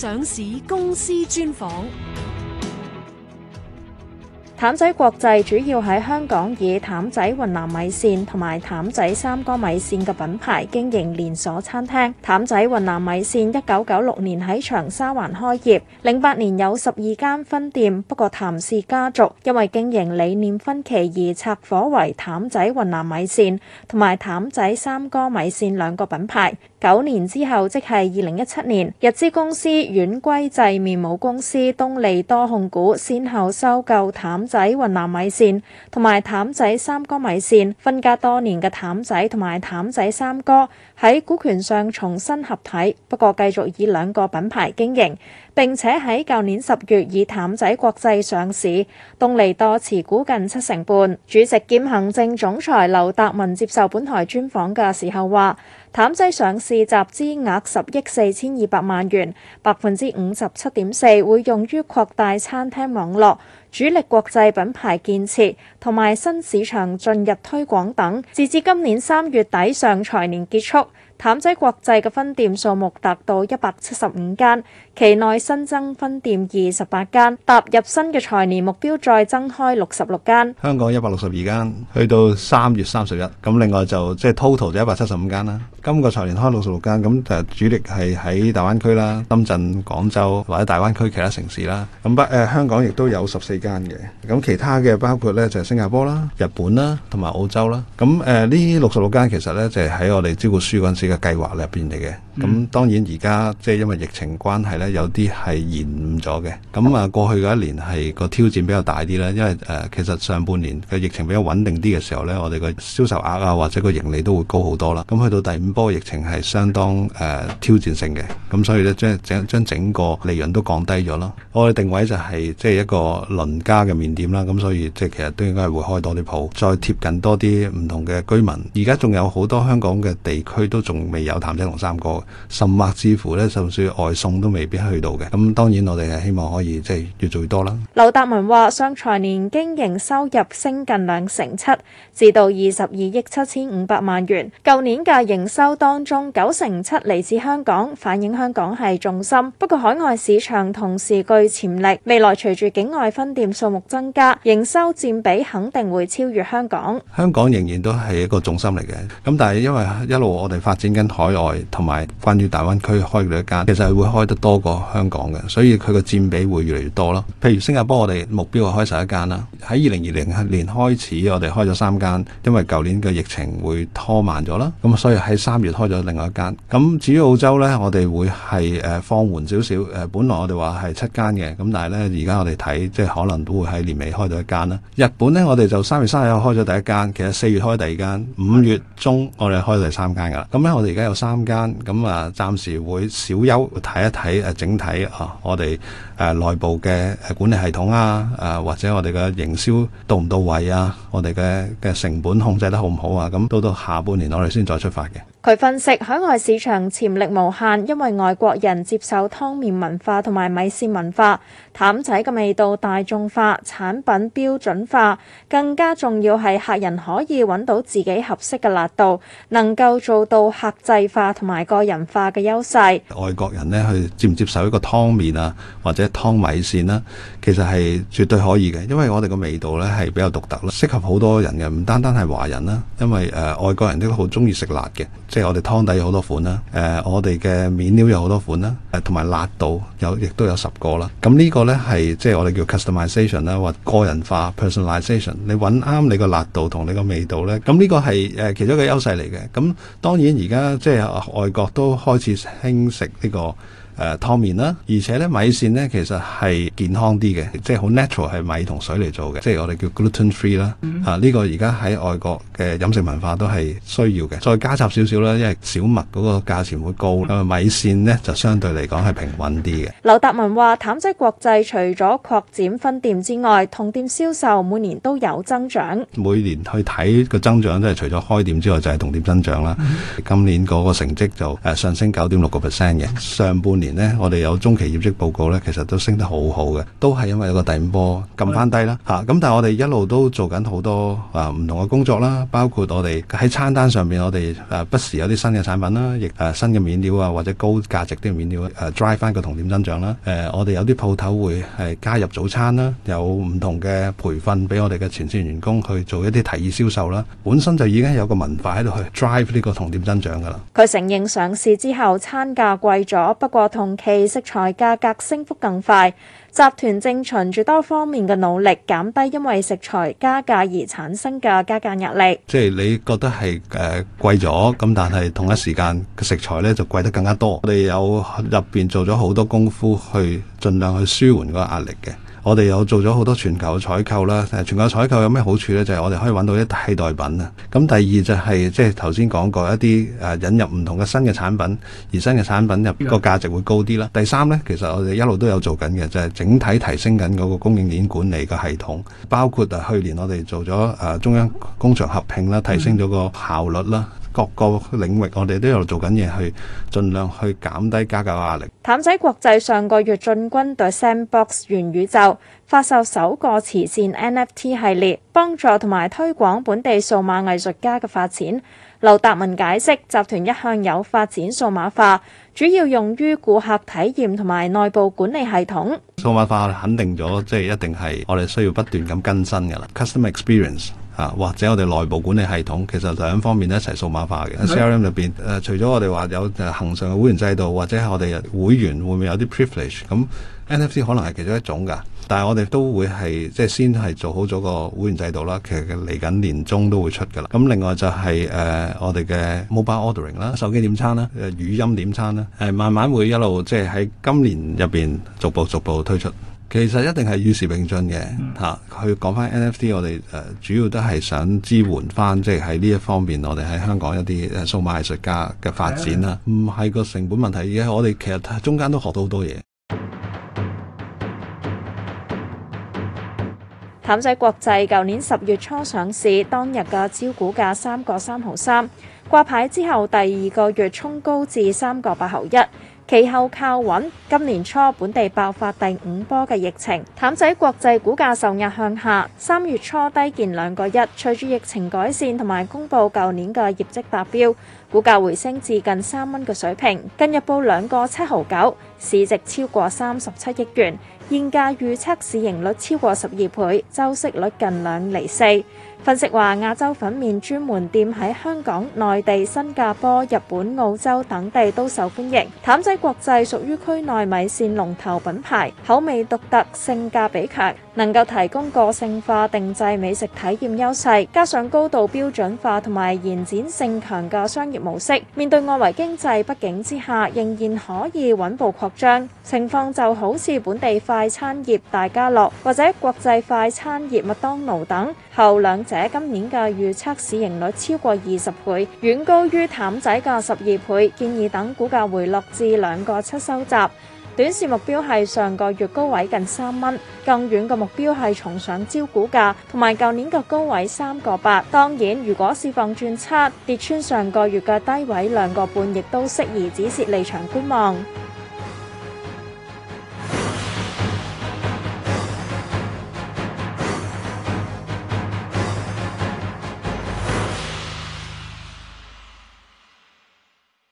上市公司專訪。譚仔國際主要喺香港以譚仔雲南米線同埋譚仔三哥米線嘅品牌經營連鎖餐廳。譚仔雲南米線一九九六年喺長沙灣開業，零八年有十二間分店。不過譚氏家族因為經營理念分歧而拆夥為譚仔雲南米線同埋譚仔三哥米線兩個品牌。九年之後，即係二零一七年，日資公司丸龜製麵母公司東利多控股先後收購譚仔雲南米線同埋譚仔三哥米線，分家多年嘅譚仔同埋譚仔三哥喺股權上重新合體，不過繼續以兩個品牌經營，並且喺舊年十月以譚仔國際上市，東利多持股近七成半。主席兼行政總裁劉達民接受本台專訪嘅時候話。譚仔上市集資額十億四千二百萬元，百分之五十七點四會用於擴大餐廳網絡、主力國際品牌建設同埋新市場進入推廣等。截至今年三月底上財年結束。譚仔國際嘅分店數目達到一百七十五間，期內新增分店二十八間，踏入新嘅財年目標再增開六十六間。香港一百六十二間，去到三月三十一，咁另外就即係 total 就一百七十五間啦。今個財年開六十六間，咁就主力係喺大灣區啦、深圳、廣州或者大灣區其他城市啦。咁不誒、呃、香港亦都有十四間嘅，咁其他嘅包括咧就係、是、新加坡啦、日本啦同埋澳洲啦。咁誒呢六十六間其實咧就係、是、喺我哋招股書嗰陣時嘅計劃入邊嚟嘅。咁、嗯、當然而家即係因為疫情關係呢，有啲係延誤咗嘅。咁啊，過去嗰一年係個挑戰比較大啲啦，因為誒、呃、其實上半年嘅疫情比較穩定啲嘅時候呢，我哋嘅銷售額啊或者個盈利都會高好多啦。咁去到第五波疫情係相當誒、呃、挑戰性嘅，咁所以呢，將整將整個利潤都降低咗咯。我哋定位就係、是、即係一個鄰家嘅麵店啦，咁所以即係其實都應該會開多啲鋪，再貼近多啲唔同嘅居民。而家仲有好多香港嘅地區都仲未有譚仔同三哥。甚或之乎咧，甚至外送都未必去到嘅。咁當然我哋係希望可以即係越做越多啦。劉達民話：上財年經營收入升近兩成七，至到二十二億七千五百萬元。舊年嘅營收當中，九成七嚟自香港，反映香港係重心。不過海外市場同時具潛力，未來隨住境外分店數目增加，營收佔比肯定會超越香港。香港仍然都係一個重心嚟嘅。咁但係因為一路我哋發展緊海外，同埋。關於大灣區開咗一間，其實係會開得多過香港嘅，所以佢個佔比會越嚟越多咯。譬如新加坡，我哋目標係開十一間啦。喺二零二零年開始，我哋開咗三間，因為舊年嘅疫情會拖慢咗啦，咁所以喺三月開咗另外一間。咁至於澳洲呢，我哋會係誒、呃、放緩少少誒，本來我哋話係七間嘅，咁但係呢，而家我哋睇即係可能都會喺年尾開咗一間啦。日本呢，我哋就三月三十一日開咗第一間，其實四月開第二間，五月中我哋開第三間噶啦。咁咧，我哋而家有三間咁。咁啊，暫時會小休，睇一睇，誒，整體啊，我哋誒內部嘅誒管理系統啊，誒或者我哋嘅營銷到唔到位啊，我哋嘅嘅成本控制得好唔好啊？咁到到下半年我哋先再出發嘅。佢分析海外市場潛力無限，因為外國人接受湯麵文化同埋米線文化，譚仔嘅味道大眾化，產品標準化，更加重要係客人可以揾到自己合適嘅辣度，能夠做到客製化同埋個人化嘅優勢。外國人呢去接唔接受一個湯麵啊，或者湯米線啦、啊，其實係絕對可以嘅，因為我哋嘅味道呢係比較獨特啦，適合好多人嘅，唔單單係華人啦，因為誒、呃、外國人都好中意食辣嘅。即係我哋湯底有好多款啦，誒、呃、我哋嘅麵料有好多款啦，誒同埋辣度有亦都有十個啦。咁、嗯、呢、呢個呢，係即係我哋叫 customisation 啦，或個人化 personalization 你揾啱你個辣度同你個味道呢，咁、嗯、呢、呢個係誒、呃、其中一個優勢嚟嘅。咁、嗯、當然而家即係外國都開始興食呢個。誒湯麵啦，而且咧，米線呢，其實係健康啲嘅，即係好 natural 係米同水嚟做嘅，即係我哋叫 gluten free 啦、嗯。嚇、啊，呢、這個而家喺外國嘅飲食文化都係需要嘅。再加插少少啦，因為小麥嗰個價錢會高，米線呢就相對嚟講係平穩啲嘅。劉達民話：譚仔國際除咗擴展分店之外，同店銷售每年都有增長。每年去睇個增長即係除咗開店之外，就係同店增長啦。嗯、今年嗰個成績就誒上升九點六個 percent 嘅上半年。咧，我哋有中期業績報告咧，其實都升得好好嘅，都係因為有個第五波撳翻低啦嚇。咁但係我哋一路都做緊好多啊唔同嘅工作啦，包括我哋喺餐單上面，我哋啊不時有啲新嘅產品啦，亦啊新嘅麵料啊或者高價值啲嘅麵料啊，drive 翻個同點增長啦。誒、啊，我哋有啲鋪頭會係加入早餐啦，有唔同嘅培訓俾我哋嘅前線員工去做一啲提議銷售啦。本身就已經有個文化喺度去 drive 呢個同點增長噶啦。佢承認上市之後餐價貴咗，不過同期食材價格升幅更快，集團正循住多方面嘅努力，減低因為食材加價而產生嘅加價壓力。即係你覺得係誒貴咗，咁、呃、但係同一時間食材咧就貴得更加多。我哋有入邊做咗好多功夫去盡量去舒緩個壓力嘅。我哋有做咗好多全球嘅採購啦，誒全球採購有咩好處呢？就係我哋可以揾到啲替代品啊。咁第二就係即係頭先講過一啲誒引入唔同嘅新嘅產品，而新嘅產品入個價值會高啲啦。第三呢，其實我哋一路都有做緊嘅，就係整體提升緊嗰個供應鏈管理嘅系統，包括啊去年我哋做咗誒中央工場合併啦，提升咗個效率啦。嗯各個領域我，我哋都有做緊嘢去盡量去減低加價壓力。譚仔國際上個月進軍 The Sandbox 元宇宙，發售首個慈善 NFT 系列，幫助同埋推廣本地數碼藝術家嘅發展。劉達民解釋，集團一向有發展數碼化，主要用於顧客體驗同埋內部管理系統。數碼化肯定咗，即係一定係我哋需要不斷咁更新噶啦。Customer experience。或者我哋內部管理系統，其實兩方面一齊數碼化嘅 CRM 入邊，誒、呃、除咗我哋話有恆常嘅會員制度，或者係我哋會員會唔會有啲 privilege？咁 NFC 可能係其中一種噶，但係我哋都會係即係先係做好咗個會員制度啦。其實嚟緊年中都會出噶啦。咁另外就係、是、誒、呃、我哋嘅 mobile ordering 啦，手機點餐啦，誒語音點餐啦，係、呃、慢慢會一路即係喺今年入邊逐步逐步推出。其實一定係與時並進嘅，吓、嗯啊，去講翻 NFT，我哋誒、呃、主要都係想支援翻，即係喺呢一方面，我哋喺香港一啲數碼藝術家嘅發展啦。唔係、嗯、個成本問題，而係我哋其實中間都學到好多嘢。譚仔國際舊年十月初上市，當日嘅招股價三個三毫三，掛牌之後第二個月衝高至三個八毫一。其後靠穩，今年初本地爆發第五波嘅疫情，譚仔國際股價受壓向下，三月初低見兩個一。隨住疫情改善同埋公布舊年嘅業績達標，股價回升至近三蚊嘅水平，近日報兩個七毫九，市值超過三十七億元，現價預測市盈率超過十二倍，周息率近兩厘四。分析話，亞洲粉麵專門店喺香港、內地、新加坡、日本、澳洲等地都受歡迎。譚仔國際屬於區內米線龍頭品牌，口味獨特，性價比強。能夠提供個性化定製美食體驗優勢，加上高度標準化同埋延展性強嘅商業模式，面對外圍經濟不景之下，仍然可以穩步擴張。情況就好似本地快餐業大家樂或者國際快餐業麥當勞等，後兩者今年嘅預測市盈率超過二十倍，遠高於譚仔嘅十二倍，建議等股價回落至兩個七收集。短線目標係上個月高位近三蚊，更遠嘅目標係重上招股價同埋舊年嘅高位三個八。當然，如果市況轉差，跌穿上個月嘅低位兩個半，亦都適宜止蝕離場觀望。